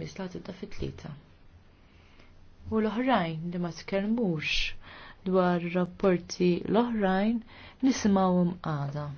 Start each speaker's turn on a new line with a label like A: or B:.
A: Mislat idda fit-tlieta. U l-oħrajn li ma tkellmux dwar rapporti l-oħrajn nisimgħu għada.